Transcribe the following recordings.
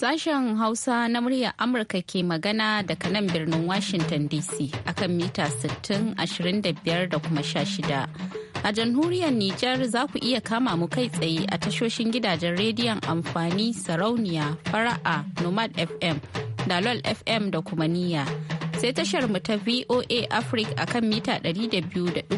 Sashen Hausa na muryar Amurka ke magana daga nan birnin Washington DC akan mita 60, 25 da kuma sha shida, A jamhuriyar Nijar za ku iya kama mu kai tsaye a tashoshin gidajen rediyon amfani sarauniya, fara'a, Nomad FM, Dalol FM da kuma niyya. sai tashar mu ta VOA Africa akan mita 200.5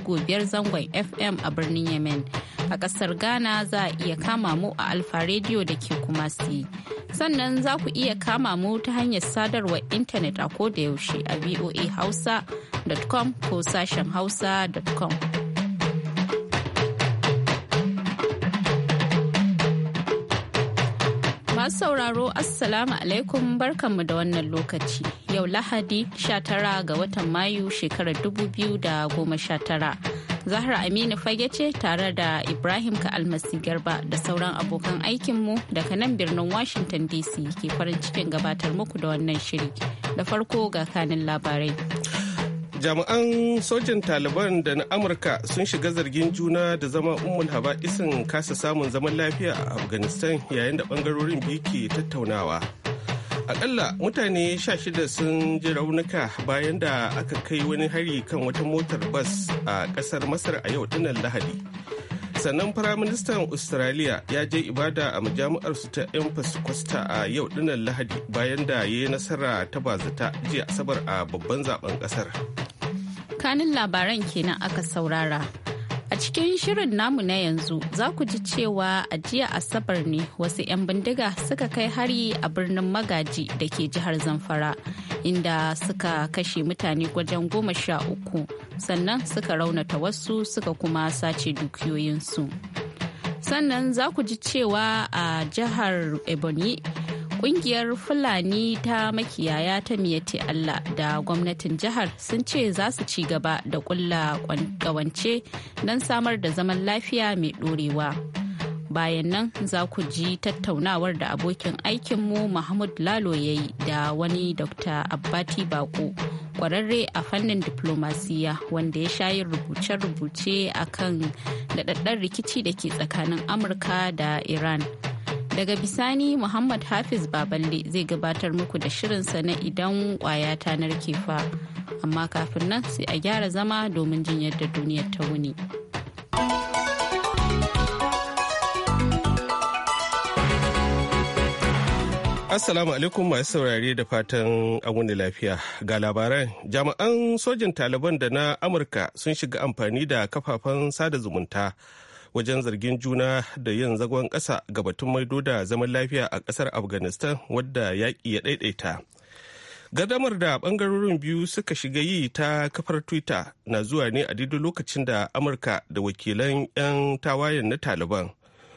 zangon FM a birnin Yemen. A ƙasar Ghana za a iya kama mu a Alfa Radio da ke kuma Kumasi. Sannan za ku iya kama mu ta hanyar sadarwar intanet a koda yaushe a voahausa.com ko sashen hausa.com. Masu sauraro Assalamu alaikum barkanmu da wannan lokaci. Yau Lahadi 19 ga watan Mayu shekarar 2019. Zahra Aminu fage ce tare da Ibrahim ka almasi Garba da sauran abokan aikinmu daga nan birnin Washington DC ke farin cikin gabatar muku da wannan shiri. Da farko ga kanin labarai. jami'an sojin taliban da na amurka sun shiga zargin juna da zama haba haba'isin kasa samun zaman lafiya a afghanistan yayin da bangarorin biyu ke tattaunawa akalla mutane sha shida sun ji raunuka bayan da aka kai wani hari kan wata motar bas a kasar masar a yau dinar lahadi sannan firaministan australia ya je ibada a majami'ar su ta empress costa a yau dinnan lahadi bayan da ya yi nasara ta bazata jiya asabar a babban zaben kasar. kanin labaran kenan aka saurara. A cikin shirin namu na yanzu za ku ji cewa a jiya Asabar ne wasu 'yan bindiga suka kai hari a birnin Magaji da ke jihar Zamfara inda suka kashe mutane gwajen goma sha uku sannan suka raunata wasu suka kuma sace dukiyoyinsu. Sannan za ku ji cewa a jihar Ebonyi Kungiyar Fulani ta makiyaya ta miyati Allah da gwamnatin jihar sun ce za su ci gaba da kulla kawance don samar da zaman lafiya mai ɗorewa. Bayan nan za ku ji tattaunawar da abokin aikinmu Mahmud Lalo ya yi da wani Dr. Abbati Bako. kwararre a fannin diplomasiya wanda ya shayi rubuce-rubuce a kan daɗaɗɗen rikici da ke tsakanin amurka da iran daga bisani muhammad hafiz baballe zai gabatar muku da shirinsa na idan kwaya ta narke fa amma kafin nan sai a gyara zama domin jin yadda duniyar ta wuni Assalamu alaikum masu saurare da fatan wuni lafiya ga labaran jami'an sojin taliban da na amurka sun shiga amfani da kafafen sada zumunta wajen zargin juna da yin zagon ƙasa ga batun maido da zaman lafiya a ƙasar afghanistan wadda yaƙi ya ɗaiɗaita gardamar da ɓangarorin biyu suka shiga yi ta kafar twitter na zuwa ne a daidai lokacin da amurka da wakilan 'yan tawayen na taliban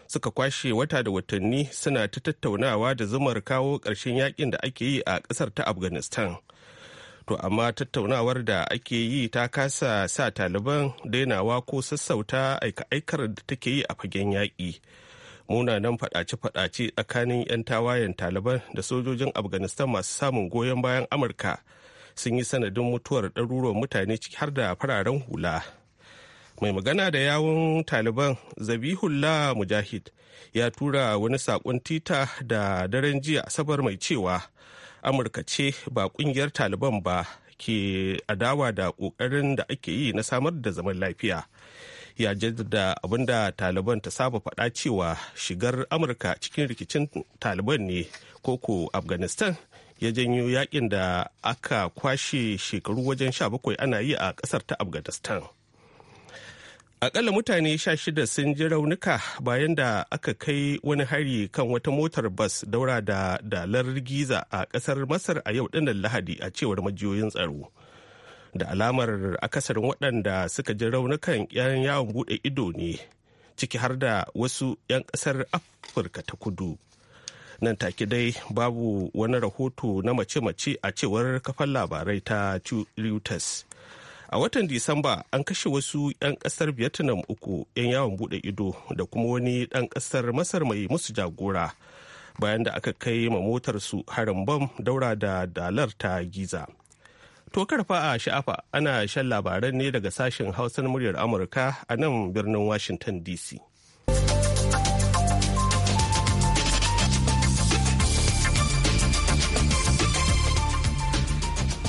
suka kwashe wata da watanni suna ta tattaunawa da zumar kawo ƙarshen yakin da ake yi a ƙasar ta afghanistan to amma tattaunawar da ake yi ta kasa sa taliban dainawa ko sassauta aika-aikar da take yi a fagen yaƙi munanan faɗace-faɗace tsakanin 'yan tawayen taliban da sojojin afghanistan masu samun goyon bayan amurka sun yi sanadin mutuwar ɗaruruwan mutane ciki har da fararen hula mai magana da yawun taliban zabihullah mujahid ya tura wani saƙon tita da daren jiya asabar mai cewa amurka ce ba kungiyar taliban ba ke adawa da kokarin da ake yi na samar da zaman lafiya ya jaddada abin da taliban ta saba faɗa cewa shigar amurka cikin rikicin taliban ne koko afghanistan ya janyo yakin da aka kwashe shekaru wajen 17 ana yi a ƙasar ta afghanistan Akalla mutane sha shida sun ji raunuka bayan da aka kai wani hari kan wata motar bas daura da dalar giza a ƙasar Masar a yau dinnan Lahadi a cewar majiyoyin tsaro. Da alamar akasarin waɗanda suka ji raunukan 'yan yawon buɗe ido ne, ciki har da wasu 'yan ƙasar Afirka ta kudu. Nan take dai babu wani rahoto na mace-mace a cewar kafan labarai ta Reuters. a watan disamba an kashe wasu 'yan kasar vietnam uku 'yan yawon bude ido da kuma wani ɗan kasar masar mai musu jagora bayan da aka kai ma su harin bam daura da dalar ta giza to karfa a sha'afa ana shan labaran ne daga sashen hausar muryar amurka a nan birnin washington dc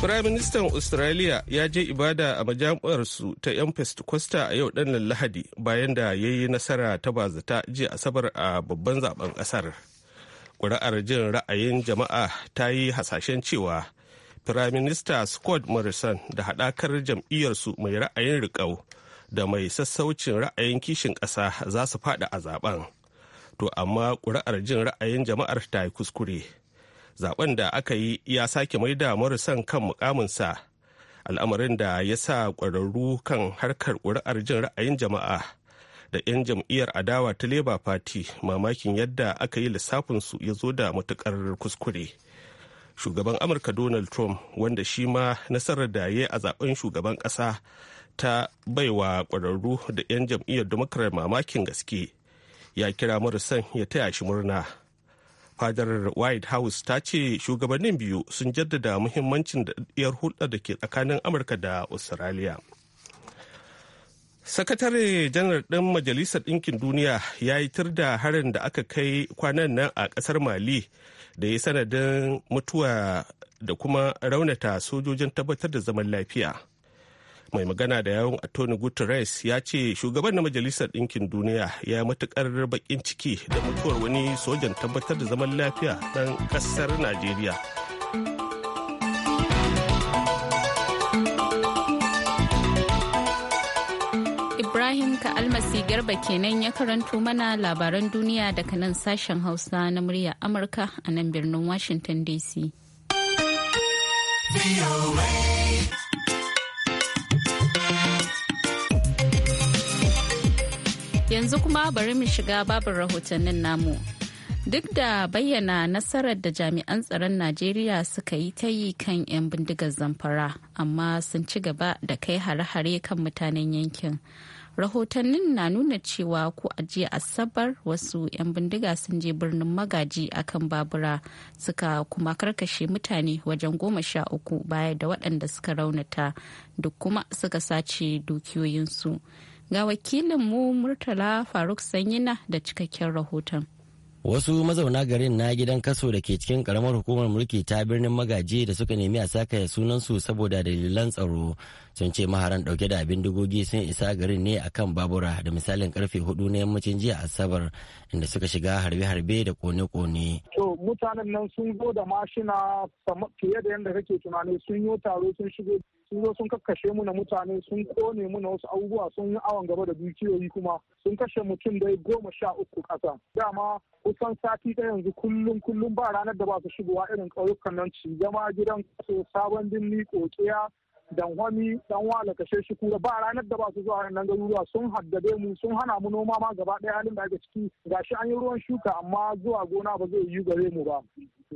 Firaministan Australia ya je ibada a majami'arsu ta 'yan Costa a yau ɗannan Lahadi bayan da ya yi nasara ta bazata jiya Asabar a babban zaben ƙasar. Ƙuri'ar jin ra'ayin jama'a ta yi hasashen cewa Firaminista Scott Morrison da haɗakar jam'iyyarsu mai ra'ayin riƙau da mai sassaucin ra'ayin kishin ƙasa za su faɗi a zaben. To amma ƙuri'ar jin ra'ayin jama'ar ta yi kuskure. zaben da aka yi ya sake mai da marasan kan mukaminsa al'amarin da ya sa ƙwararru kan harkar ƙuri'ar jin ra'ayin jama'a da 'yan jam'iyyar adawa ta labour party mamakin yadda aka yi lissafinsu ya zo da matukar kuskure shugaban amurka donald trump wanda shi ma nasarar da ya a zaben shugaban ƙasa ta baiwa ƙwararru da 'yan jam'iyyar democrat mamakin gaske ya kira marasan ya taya shi murna fadar white house ta ce shugabannin biyu sun jaddada muhimmancin daɗaɗɗiyar hulɗar da ke tsakanin amurka da australia sakatare janar ɗin majalisar ɗinkin duniya ya yi tur da harin da aka kai kwanan nan a ƙasar mali da ya sanadin mutuwa da kuma raunata sojojin tabbatar da zaman lafiya mai magana da yawon atoni guterres ya ce shugaban na majalisar ɗinkin duniya ya yi matukar bakin ciki da mutuwar wani sojan tabbatar da zaman lafiya ɗan ƙasar najeriya ibrahim ka almasi garba kenan ya karanto mana labaran duniya daga nan sashen hausa na murya amurka a nan birnin washington dc yanzu kuma bari mu shiga babin rahotannin namu. Duk da bayyana nasarar da jami'an tsaron Najeriya suka yi ta yi kan 'yan bindigar zamfara, amma sun ci gaba da kai hare-hare kan mutanen yankin. Rahotannin na nuna cewa ko a jiya Asabar wasu 'yan bindiga sun je birnin magaji akan babura suka kuma karkashe mutane wajen goma sha uku baya da waɗanda suka raunata duk kuma suka sace dukiyoyinsu. Ga wakilinmu Murtala Faruk Sanyina da cikakken rahoton. Wasu mazauna garin na gidan kaso da ke cikin karamar hukumar mulki ta birnin magaji da suka nemi a saka sunansu saboda dalilan tsaro sun ce maharan dauke da abin dugogi sun isa garin ne akan babura da misalin karfe hudu na yammacin jiya asabar inda suka shiga harbe-harbe da kone-kone. To mutanen nan sun zo da mashina fiye da yadda kake tunani sun yi taro sun shigo sun zo sun kakkashe mu na mutane sun kone mu na wasu abubuwa sun yi awon gaba da dukiyoyi kuma sun kashe mutum dai goma sha uku ƙasa dama kusan sati ta yanzu kullum kullum ba ranar da ba su shigowa irin ƙauyukan nan ci zama gidan so sabon dinni kokiya dan wani dan wala kashe shi kura ba ranar da ba su zuwa nan garuruwa sun haddade mu sun hana mu noma ma gaba ɗaya halin da ake ciki gashi an yi ruwan shuka amma zuwa gona ba zai yi gare mu ba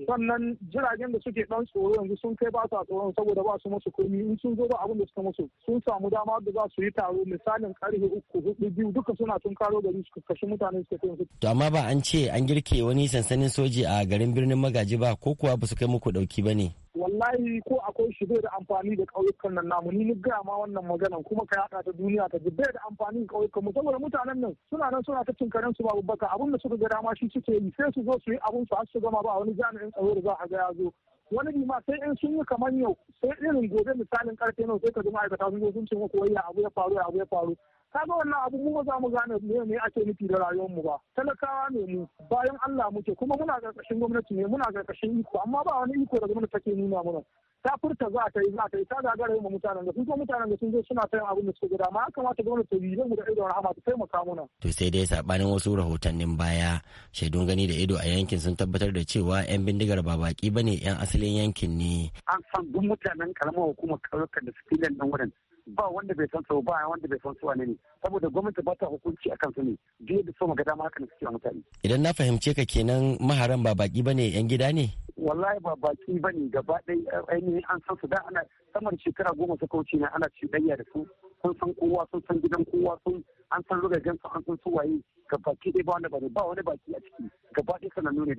sannan jiragen da suke dan tsoro yanzu sun kai ba sa tsoron saboda ba su musu komi in sun zo ba abin da suka musu sun samu dama da za su yi taro misalin karfe uku hudu biyu duka suna tun karo gari suka kashe mutane suka kai su. to amma ba an ce an girke wani sansanin soji a garin birnin magaji ba ko kuwa ba su kai muku dauki ba ne. wallahi ko akwai shi bai da amfani da ƙauyukan nan namu ni ni gaya ma wannan maganan kuma ka yaɗa ta duniya ta ji bai da amfani da ƙauyukan mu saboda mutanen nan suna nan suna ta cinkaren su babu baka abin da suka ga dama shi suke yi sai su zo su yi abun su har su gama ba wani jami'in tsaro da za a ga ya zo wani ma sai in sun yi kamar yau sai irin gobe misalin karfe nawa sai ka ji ma'aikata sun zo sun ce maka wayya abu ya faru abu ya faru kaga wannan abu mu ba za mu gane me ne ake nufi da rayuwar mu ba talakawa ne mu bayan Allah muke kuma muna karkashin gwamnati ne muna karkashin iko amma ba wani iko da gwamnati take nuna mana ta furta za ta yi za ta yi ta gagara ma mutanen da sun kuma mutanen da sun zo suna ta yin abin da suka amma ya kamata gwamnati ta bibe mu da ido rahama ta taimaka muna. to sai dai sabanin wasu rahotannin baya shaidun gani da ido a yankin sun tabbatar da cewa yan bindigar ba baki bane yan asalin yankin ne. an san duk mutanen karamar hukumar ƙauyukan da suke nan wurin ba wanda bai san su ba wanda bai san su wane ne saboda gwamnati ba ta hukunci akan su ne biyu da so magana ma hakan suke mutane idan na fahimce ka kenan maharan ba baki bane yan gida ne wallahi ba baki bane gaba ɗaya ainihin an san su da ana samar shekara goma ta kauce na ana cuɗayya da su sun san kowa sun san gidan kowa sun an san rugagen su an san su waye ga baki ɗaya ba wanda ba ba wani baki a ciki gaba ɗaya sanannu ne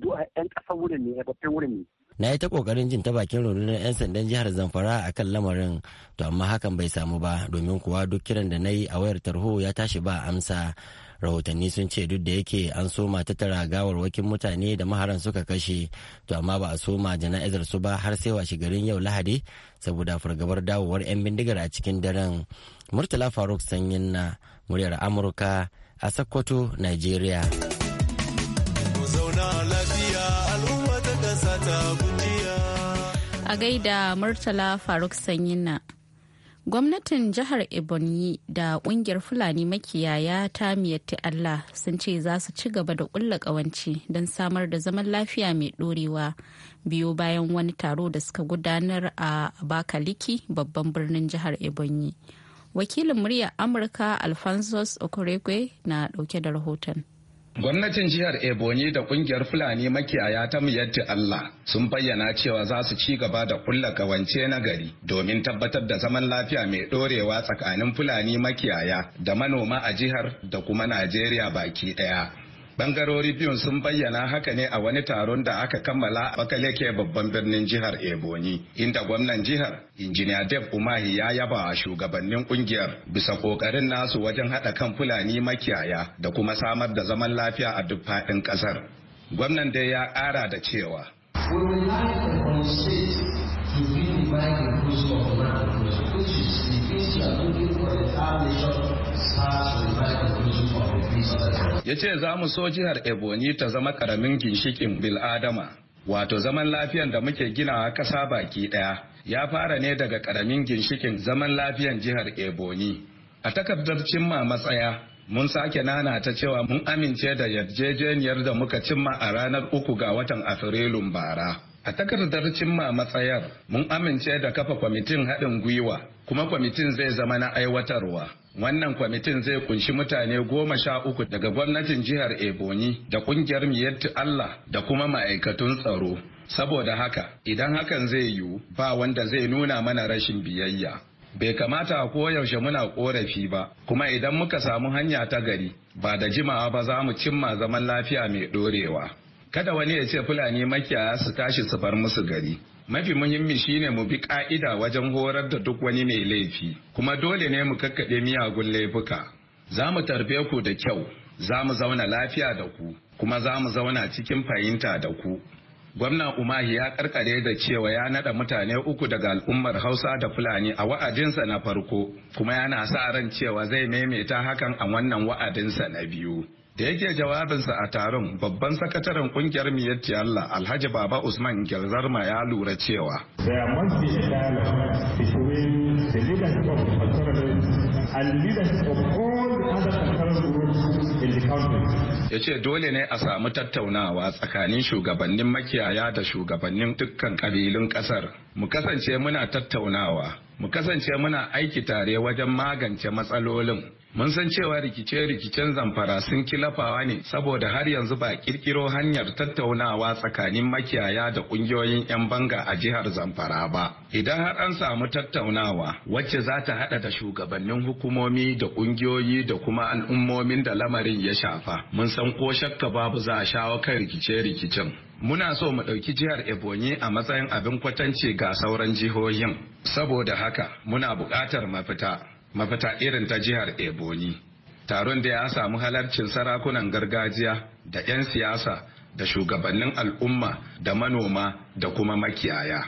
duk yan ƙasar wurin ne ya babban wurin ne na yi ta kokarin jin ta bakin rundunar 'yan sandan jihar zamfara a kan lamarin to amma hakan bai samu ba domin kuwa duk kiran da na yi a wayar tarho ya tashi ba amsa rahotanni sun ce duk da yake an soma ta tara gawarwakin mutane da maharan suka kashe to amma ba a soma jana'izar su ba har sai washe garin yau lahadi saboda fargabar dawowar 'yan bindigar a cikin daren murtala faruk sanyin na muryar amurka a sokoto nigeria a gaida Murtala Faruk Sanyina. Gwamnatin jihar Ebonyi da kungiyar Fulani makiyaya ta miyatti Allah sun ce za su ci gaba da ƙulla kawanci don samar da zaman lafiya mai ɗorewa biyu bayan wani taro da suka gudanar a Abakaliki babban birnin jihar Ebonyi. Wakilin muryar Amurka Alphonsus Okorekwe na dauke da rahoton. Gwamnatin jihar Ebonyi da kungiyar Fulani makiyaya ta Miyatti Allah sun bayyana cewa za su ci gaba da kulla kawance na gari domin tabbatar da zaman lafiya mai ɗorewa tsakanin Fulani makiyaya da manoma a jihar da kuma Najeriya baki ɗaya. Bangarori biyun sun bayyana haka ne a wani taron da aka kammala a Bakaleke babban birnin jihar Ebonyi, inda gwamnan jihar Injiniya Deb Umahi ya yaba shugabannin kungiyar bisa kokarin nasu wajen haɗa kan Fulani makiyaya da kuma samar da zaman lafiya a duk faɗin ƙasar. Gwamnan dai ya ƙara da cewa. Wurin to be the which is the ya ce za mu so jihar ebonyi ta zama karamin ginshikin bil'adama wato zaman lafiyan da muke ginawa kasa baki daya ya fara ne daga karamin ginshikin zaman lafiyan jihar ebonyi a takardar cimma matsaya mun sake nana ta cewa mun amince da yarjejeniyar da muka cimma a ranar uku ga watan afrilun bara A takardar cimma matsayar mun amince da kafa kwamitin haɗin gwiwa kuma kwamitin zai zama na aiwatarwa. Wannan kwamitin zai kunshi mutane goma sha uku daga gwamnatin jihar Ebonyi da ƙungiyar Miyatti Allah da kuma ma'aikatun tsaro. Saboda haka, idan hakan zai yiwu ba wanda zai nuna mana rashin biyayya. Bai kamata a koyaushe muna korafi ba, kuma idan muka samu hanya ta gari, ba da jimawa ba za mu cimma zaman lafiya mai ɗorewa. kada wani ya ce fulani makiyaya su tashi su bar musu gari mafi muhimmi shine mu bi ka'ida wajen horar da duk wani mai laifi kuma dole ne mu kakkaɓe miyagun laifuka za mu tarbe ku da kyau za mu zauna lafiya da ku kuma za mu zauna cikin fahimta da ku gwamna umahi ya karkare da cewa ya nada mutane uku daga al'ummar hausa da fulani a wa'adinsa na farko kuma yana sa ran cewa zai maimaita hakan a wannan wa'adinsa na biyu da yake jawabinsa a taron babban sakataren kungiyar miyatti Allah Alhaji Baba Usman Gelzarma ya lura cewa ya ce dole ne a samu tattaunawa tsakanin shugabannin makiyaya da shugabannin dukkan kabilun kasar mu kasance muna tattaunawa mu kasance muna aiki tare wajen magance matsalolin Mun san cewa rikice-rikicen zamfara sun kilafawa ne saboda har yanzu ba kirkiro hanyar tattaunawa tsakanin makiyaya da kungiyoyin 'yan banga a jihar zamfara ba. Idan har an samu tattaunawa wacce za ta haɗa da shugabannin hukumomi da kungiyoyi da kuma al'ummomin da lamarin ya shafa. Mun san ko shakka babu za a shawo kan rikice-rikicen. Muna so mu ɗauki jihar Ebonyi a matsayin abin kwatance ga sauran jihohin. Saboda haka muna buƙatar mafita. mafita irin ta jihar ebonyi taron da ya samu halarcin sarakunan gargajiya da 'yan siyasa da shugabannin al'umma da manoma da kuma makiyaya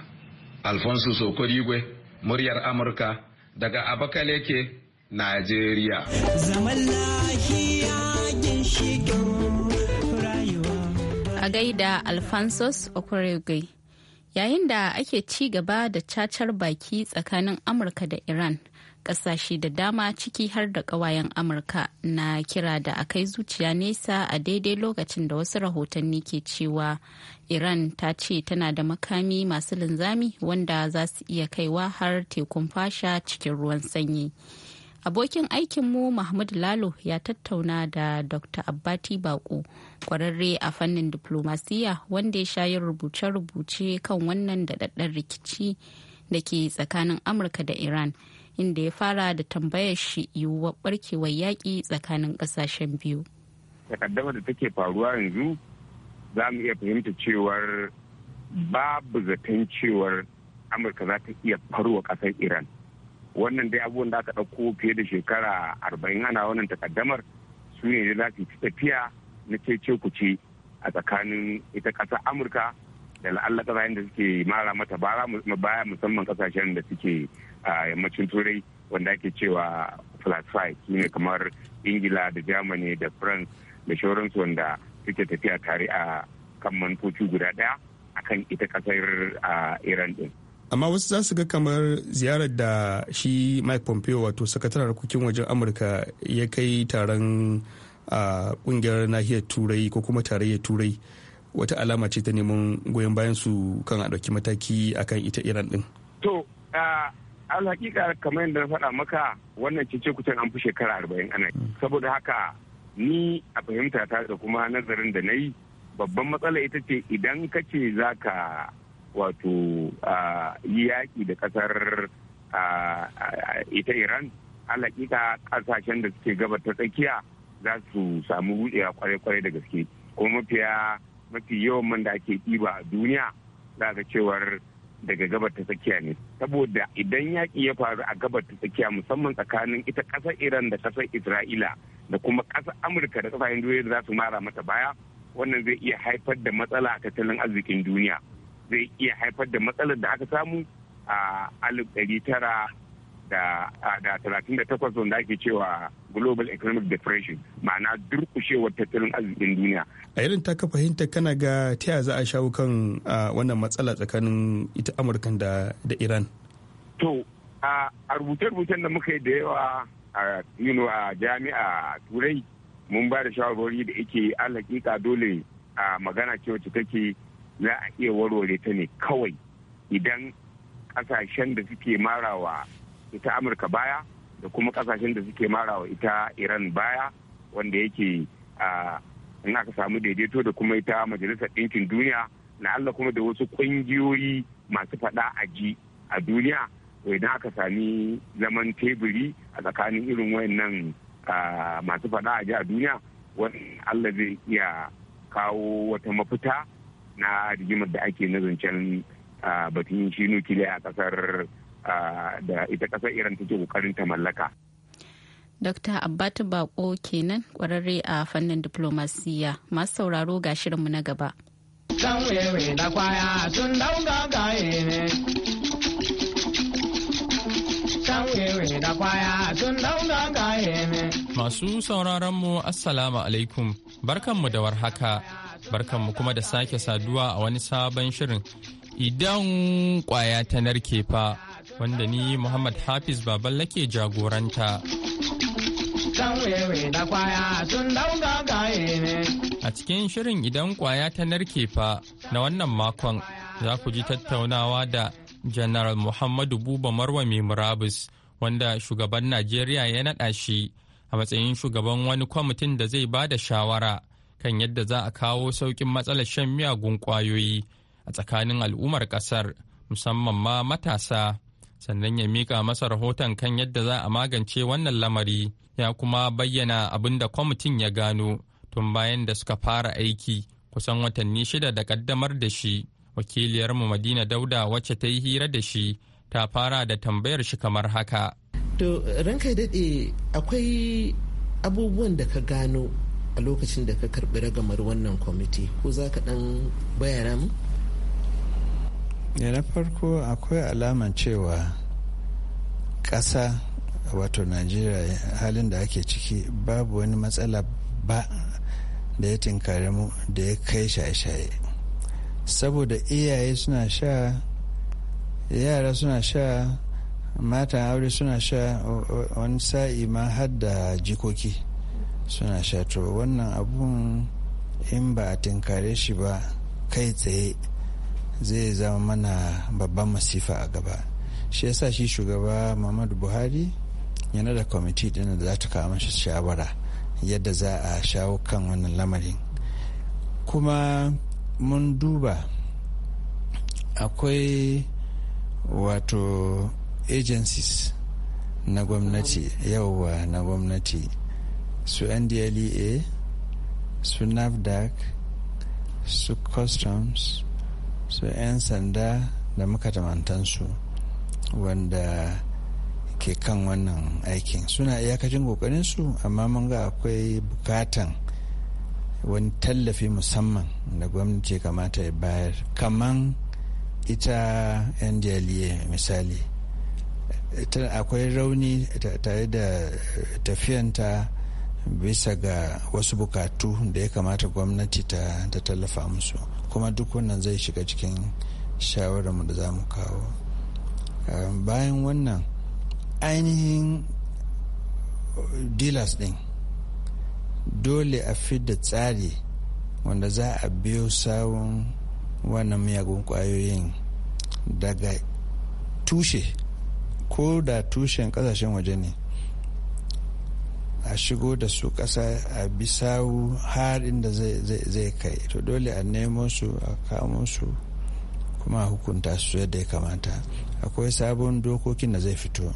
alfonso sokorigwe muryar amurka daga abakaleke najeriya zaman a gaida alfonsos okorigwe yayin da ake ci gaba da cacar baki tsakanin amurka da iran kasashe da dama ciki har da kawayen amurka na kira da akai zuciya nesa a daidai lokacin da wasu rahotanni ke cewa iran ta ce tana da makami masu linzami wanda za su iya kaiwa har tekun fasha cikin ruwan sanyi abokin aikinmu mahmud lalo ya tattauna da dr abbati bako kwararre a fannin diplomasiya wanda ya shayar rubuce-rubuce kan wannan daɗaɗɗen rikici da ke tsakanin amurka da iran inda ya fara da tambayar shi yiwuwar barkewar yaƙi tsakanin ƙasashen biyu. Takaddama da take faruwa yanzu za mu iya fahimta cewar babu zaton cewar Amurka za ta iya farwa ƙasar Iran. Wannan dai abubuwan da aka ɗauko fiye da shekara arba'in ana wannan takaddamar su ne za su tafiya na cece kuce a tsakanin ita ƙasar Amurka da la'alla ƙasashen da suke mara mata baya musamman kasashen da suke a yammacin turai wanda ake cewa flat five ne kamar ingila da germany da france da shawararsu wanda suke tafiya tare a kan manufofi guda daya akan ita kasar iran din amma wasu za su ga kamar ziyarar da shi mike pompeo wato sakataren harkokin wajen amurka ya kai taron a kungiyar nahiyar turai ko kuma tarayyar turai wata alama ce ta neman goyon bayan su kan a ɗauki mataki akan ita iran din to al kamar yadda na faɗa maka wannan cece kucin an fi shekara arba'in ana hmm. saboda haka ni a fahimta ta da kuma nazarin da na yi babban matsala ita ce idan ka ce za ka wato yi yaƙi da ƙasar ita iran alhakika ƙasashen da suke gabar ta tsakiya za su samu buɗewa kwarai-kwarai da gaske kuma mafiya mafi yawan man da ake ɗiba a duniya za ga cewar daga gabar ta tsakiya ne saboda idan yaƙi ya faru a gabar ta tsakiya musamman tsakanin ita ƙasar iran da ƙasar isra'ila da kuma ƙasar amurka da ƙasashen duniya da za su mara mata baya wannan zai iya haifar da matsala a tattalin arzikin duniya zai iya haifar da matsalar da aka samu a alif ɗari tara da da 38 da ake cewa global economic depression ma'ana durkushewar tattalin arzikin duniya a irin ta ka fahimta kana ga taya za a shawo kan wannan matsala tsakanin ita amurkan da iran to a rubuce-rubucen da muka yi da yawa a jami'a turai mun ba da shawarwari da yake alhakika dole a magana ce ta take za a iya warware ta ne kawai idan kasashen da suke marawa ita amurka baya da kuma kasashen da suke marawa ita iran baya wanda yake in aka samu daidaito da kuma ita majalisar ɗinkin duniya na allah kuma da wasu ƙungiyoyi masu faɗa a ji a duniya to idan aka sami zaman teburi a tsakanin irin wayannan masu faɗa a ji a duniya wani allah zai iya kawo wata mafita na rigimar da ake na zancen batun shi nukiliya a ƙasar da ita kasar iran take kokarin ta mallaka Dokta Abbatu Bako kenan kwararre a fannin diplomasiya masu sauraro ga shirinmu na gaba. Masu mu Assalamu alaikum, barkanmu da warhaka, barkanmu kuma da sake saduwa a wani sabon shirin. Idan kwaya ta narke fa. wanda ni Muhammad Hafiz Baballa ke jagoranta. A cikin shirin idan kwaya ta narke fa na wannan makon za ku ji tattaunawa da General Muhammadu Buba Marwa mai murabus wanda shugaban Najeriya ya naɗa shi a matsayin shugaban wani kwamitin da zai ba da shawara kan yadda za a kawo sauƙin matsalar shan miyagun kwayoyi a tsakanin al'ummar ƙasar musamman ma matasa. sannan ya mika masa rahoton kan yadda za a magance wannan lamari ya kuma bayyana abin da kwamitin ya gano tun bayan da suka fara aiki kusan watanni shida da kaddamar da shi wakiliyarmu madina dauda wacce ta yi hira da shi ta fara da tambayar shi kamar haka to ranka daɗe akwai abubuwan da ka gano a lokacin da ka karɓi ragamar wannan kwamiti ko za ka ɗan bayana mu Eh, na farko akwai alaman cewa ƙasa wato najeriya halin da ake ciki babu wani matsala ba da ya tinkare mu da ya kai shaye-shaye saboda iyaye suna sha yara suna sha matan aure suna sha wani sa'i ma har da jikoki suna sha to wannan abun in ba a tinkare shi ba kai tsaye zai zama mana babban masifa a gaba shi yasa shi shugaba muhammadu buhari yana da kwamiti ɗin da za ta kawo mashi shawara yadda za a shawo kan wannan lamarin kuma mun duba akwai wato agencies na gwamnati yauwa na gwamnati su ndlea su nafdac su customs su 'yan sanda da su wanda ke kan wannan aikin suna iyakacin kokarinsu amma mun ga akwai bukatan wani tallafi musamman da gwamnati kamata ya bayar kaman ita yan ndla misali akwai rauni tare da tafiyanta bisa ga wasu bukatu da ya kamata gwamnati ta tallafa musu kuma duk wannan zai shiga cikin shawararmu da za mu kawo bayan wannan ainihin dealers din dole a fidda tsari wanda za a biyo sawun wannan miyagun kwayoyin daga tushe ko da tushen kasashen waje ne a shigo da su ƙasa a bisawu har inda zai kai to dole a nemo su a kamo su kuma a hukunta su yadda ya kamata akwai sabon dokokin da zai fito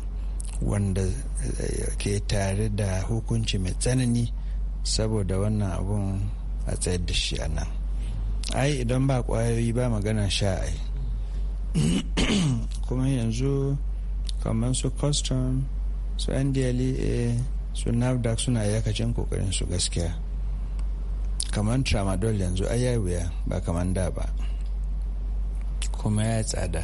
wanda eh, ke tare da hukunci mai tsanani saboda wannan abun a tsayar da shi a nan ai idan ba kwayoyi ba magana sha kuma yanzu kamar su custom su ndla e su nafdac suna yakacin kokarin su gaskiya kamar tramadol yanzu a wuya ba kamar da ba kuma ya tsada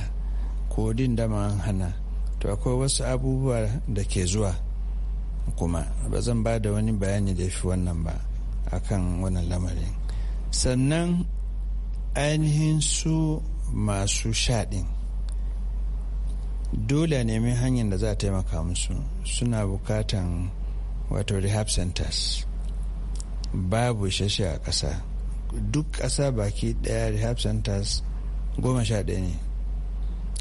kodin da an hana to akwai wasu abubuwa da ke zuwa kuma ba zan ba da wani bayani da fi wannan ba akan wannan lamarin sannan ainihin su masu shaɗin dole ne nemi hanyar da za a taimaka musu suna bukatan wato rehab centers babu shashi a ƙasa duk ƙasa baki ɗaya rehab centers goma sha ɗaya ne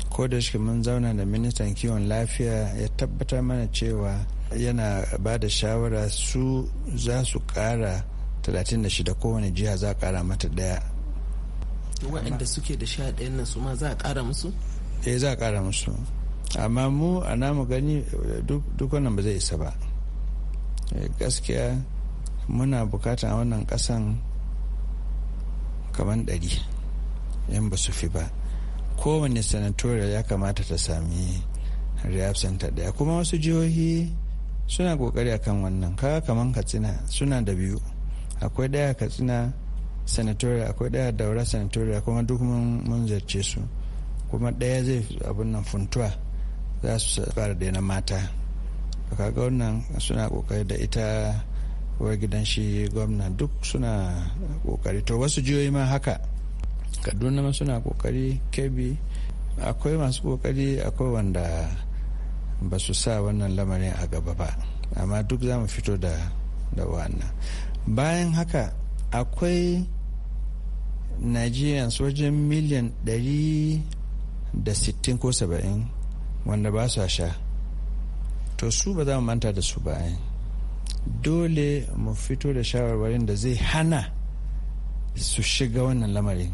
ko da shi mun zauna da ministan kiwon lafiya ya tabbatar mana cewa yana ba da shawara su za su ƙara 36 kowane jiha za a ƙara mata ɗaya waɗanda suke da sha ɗayan nan su ma za a ƙara musu? eh za a ƙara musu amma mu a namu gani duk wannan ba zai isa ba Eh, gaskiya muna bukata a wannan kasan kaman ɗari yan ba su fi ba kowane sanatorial ya kamata ta sami rehab ɗaya kuma wasu jihohi suna kokari akan wannan kaga kaman katsina suna da biyu akwai ɗaya katsina sanatorial akwai ɗaya daura sanatorial kuma duk mun zarce su kuma ɗaya zai abin nan funtuwa za su fara daina mata to kaga wannan suna kokari da ita wa gidan shi gwamna duk suna kokari to wasu jiyoyi ma haka kaduna ma suna kokari kebbi akwai masu kokari akwai wanda ba su sa wannan lamarin a gaba ba amma duk za mu fito da wannan bayan haka akwai nigerians wajen miliyan 160 ko 70 wanda ba su sha to su ba za mu manta da su bayan dole mu fito da shawarwarin da zai hana su shiga wannan lamarin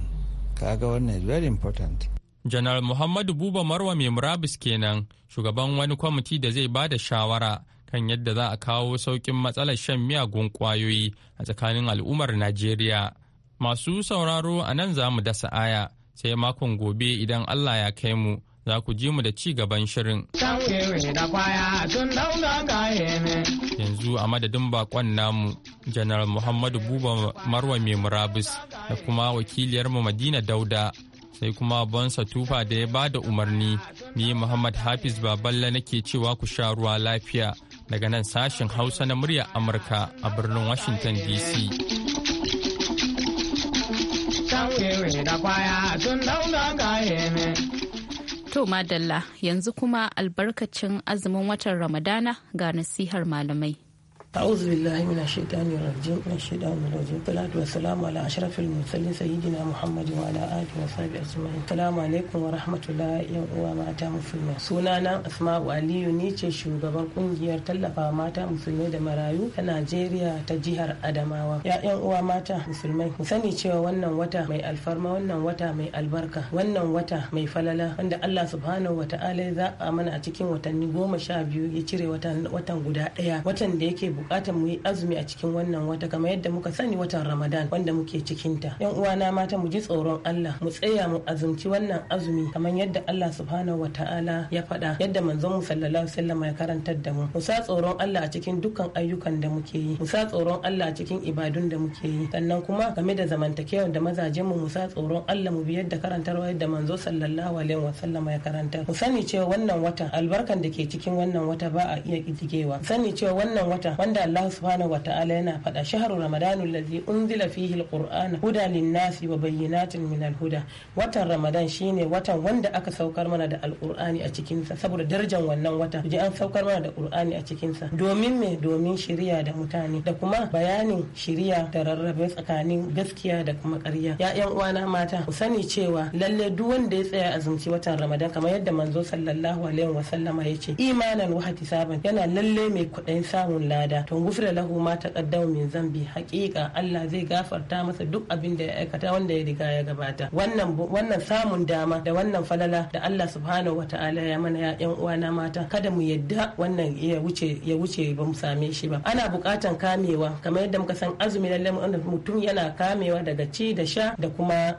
kaga wannan is very important janar muhammadu buba marwa mai murabus kenan shugaban wani kwamiti da zai ba da shawara kan yadda za a kawo saukin matsalar shan miyagun kwayoyi a tsakanin al'ummar najeriya masu sauraro a nan za mu dasa aya sai makon gobe idan allah ya kai mu za ku ji mu da ci gaban shirin. Yanzu a madadin bakon namu, janaral Muhammadu Buba Marwa mai murabus da kuma wakiliyarmu Madina Dauda, sai kuma Bonsa Tufa da ya ba da umarni, ni Muhammad Hafiz Baballa nake cewa ku sha ruwa lafiya daga nan sashen Hausa na muryar Amurka a birnin Washington DC. Sauye da kwaya tun dauna kayan To madalla yanzu kuma albarkacin azumin watan Ramadana ga nasihar malamai. أعوذ بالله من الشيطان الرجيم من الشيطان الرجيم الصلاة والسلام على أشرف المرسلين سيدنا محمد وعلى آله وصحبه أجمعين السلام عليكم ورحمة الله ومعتا مسلمين سنانا أسماء علي نيتشي shugaban ƙungiyar tallafa mata musulmai da marayu ta Najeriya ta jihar Adamawa ya'yan uwa mata musulmai mu sani cewa wannan wata mai alfarma wannan wata mai albarka wannan wata mai falala wanda Allah subhanahu wa ta'ala za a mana a cikin watanni goma sha biyu ya cire watan guda ɗaya watan da yake bukatar mu yi azumi a cikin wannan wata kamar yadda muka sani watan Ramadan wanda muke cikin ta. Yan uwana mata mu ji tsoron Allah mu tsaya mu azumci wannan azumi kamar yadda Allah subhanahu ta'ala ya faɗa yadda manzon mu sallallahu alaihi ya karantar da mu. Mu sa tsoron Allah a cikin dukkan ayyukan da muke yi. Mu sa tsoron Allah a cikin ibadun da muke yi. Sannan kuma game da zamantakewar da mazajen mu mu sa tsoron Allah mu bi yadda karantarwa yadda manzo sallallahu alaihi ya karantar. Mu sani cewa wannan wata albarkan da ke cikin wannan wata ba a iya kidigewa. Sani cewa wannan wata wanda Allah subhanahu wata'ala yana faɗa shahru ramadanu allazi unzila fihi alqur'ana huda linnasi wa bayyinatin min alhuda watan ramadan shine watan wanda aka saukar mana da alqur'ani a cikin sa saboda darajar wannan wata ji an saukar mana da qur'ani a cikin sa domin me domin shiriya da mutane da kuma bayanin shiriya da rarrabe tsakanin gaskiya da kuma ƙarya ya yan uwana mata ku sani cewa lalle duk wanda ya tsaya azumci watan ramadan kamar yadda manzo sallallahu alaihi wa sallama ya ce imanan wa ihtisaban yana lalle mai kudin samun lada ta'ala to gufira lahu ma taqaddama min zambi hakika Allah zai gafarta masa duk abin da ya aikata wanda ya riga ya gabata wannan wannan samun dama da wannan falala da Allah subhanahu ta'ala ya mana ya yan uwana mata kada mu yadda wannan ya wuce ya wuce ba mu same shi ba ana bukatan kamewa kamar yadda muka san azumi lalle mutum yana kamewa daga ci da sha da kuma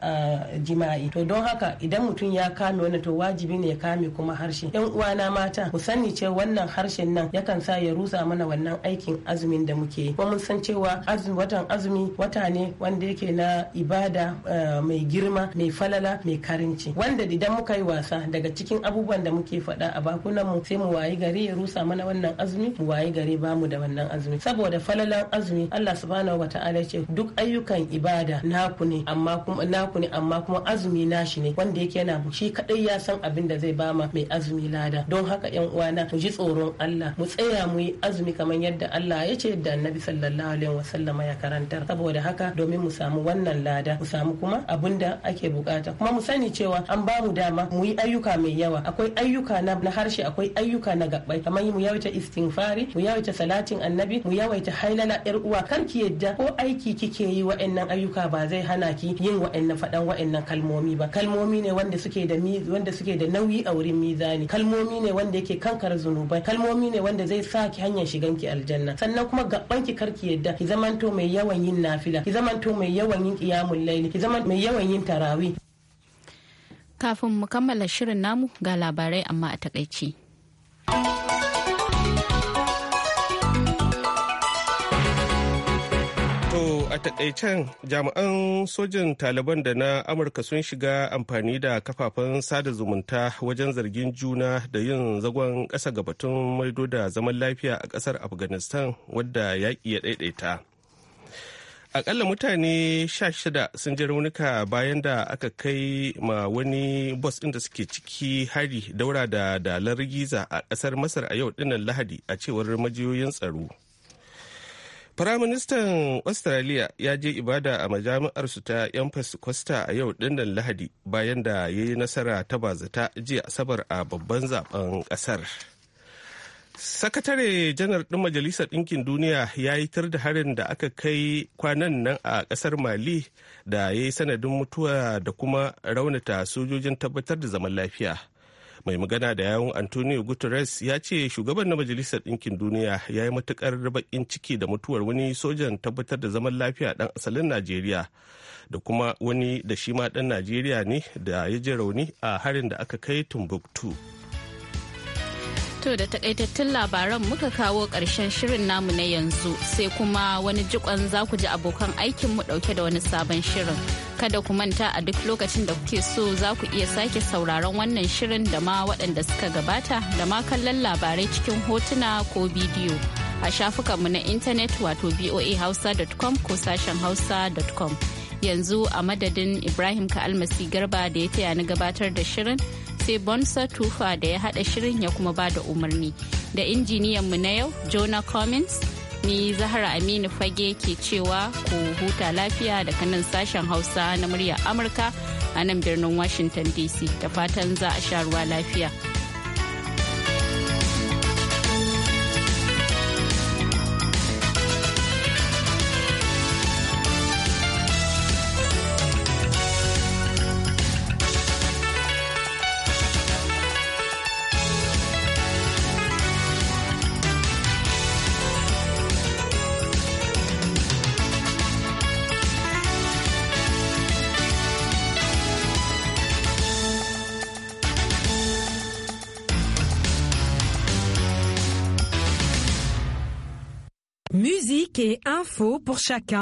jima'i to don haka idan mutum ya kame wannan to wajibi ne ya kame kuma harshe yan uwana mata ku sani ce wannan harshen nan yakan sa ya rusa mana wannan aikin cikin azumin da muke kuma mun san cewa azumi watan azumi wata ne wanda yake na ibada eh, mai girma mai falala mai karinci wanda idan muka yi wasa daga cikin abubuwan da muke faɗa a bakunan mu sai mu wayi gari ya rusa mana wannan azumi mu wayi gari mu da wannan azumi saboda falalan azumi Allah subhanahu ta'ala ce duk ayyukan ibada naku ne amma kuma naku ne amma kuma azumi nashi ne wanda yake yana shi kadai ya san abin da zai bama mai azumi lada don haka yan uwana mu ji tsoron Allah mu tsaya mu yi azumi kamar yadda Allah ya ce da annabi sallallahu alaihi wasallam ya karantar saboda haka domin mu samu wannan lada mu samu kuma abinda da ake bukata kuma mu sani cewa an ba mu dama mu yi ayyuka mai yawa akwai ayyuka na harshe akwai ayyuka na gabbai kamar mu yawaita istighfari mu yawaita salatin annabi mu yawaita hailala yar uwa kar ki yadda ko aiki kike yi wa'annan ayyuka ba zai hana ki yin wa'annan fadan wa'annan kalmomi ba kalmomi ne wanda suke da wanda suke da nauyi a wurin mizani kalmomi ne wanda yake kankar zunubai kalmomi ne wanda zai sa ki hanyar shigan ki aljanna kenan sannan kuma gaban ki karki yadda ki zamanto mai yawan yin nafila ki zamanto mai yawan yin qiyamul layli ki zaman mai yawan yin tarawi. kafin mu kammala shirin namu ga labarai amma a takaici. a takaicen jami'an sojin Taliban da na Amurka sun shiga amfani da kafafen sada zumunta wajen zargin juna da yin zagon ƙasa ga batun maido da zaman lafiya a ƙasar Afghanistan wadda yaƙi ya ɗaiɗaita. Aƙalla mutane sha shida sun ji raunuka bayan da aka kai ma wani bus ɗin da suke ciki hari daura da dalar giza a ƙasar Masar a yau ɗinnan Lahadi a cewar majiyoyin tsaro. Firaministan Australia ya je ibada a majami'arsu ta yan Costa a yau dindin Lahadi bayan da ya yi nasara ta bazata jiya Asabar a babban zaben kasar. Sakatare janar ɗin Majalisar Ɗinkin Duniya ya yi tar da harin da aka kai kwanan nan a ƙasar Mali da ya yi sanadin mutuwa da kuma raunata sojojin tabbatar da zaman lafiya. mai magana da yawun antonio guterres ya ce shugaban na majalisar ɗinkin duniya ya yi matukar baƙin ciki da mutuwar wani sojan tabbatar da zaman lafiya ɗan asalin najeriya da kuma wani da shi ma ɗan najeriya ne da ya ji rauni a harin da aka kai tumbuktu To da takaitattun labaran muka kawo ƙarshen shirin namu na yanzu sai kuma wani jikon za ku ji abokan aikinmu ɗauke da wani sabon shirin. kada ku manta a duk lokacin da kuke so za ku iya sake sauraron wannan shirin da ma waɗanda suka gabata da ma kallon labarai cikin hotuna ko bidiyo a shafukanmu na intanet wato voahausa.com ko sashen hausa.com yanzu a madadin ibrahim ka'almasi garba da ya taya ni gabatar da shirin sai bonsa tufa da ya haɗa shirin ya kuma ba da umarni da injiniyanmu na yau jonah cummins Ni Zahra Aminu Fage ke cewa ku huta lafiya daga nan sashen Hausa na murya Amurka a nan birnin Washington DC da fatan za a sha ruwa lafiya. faux pour chacun.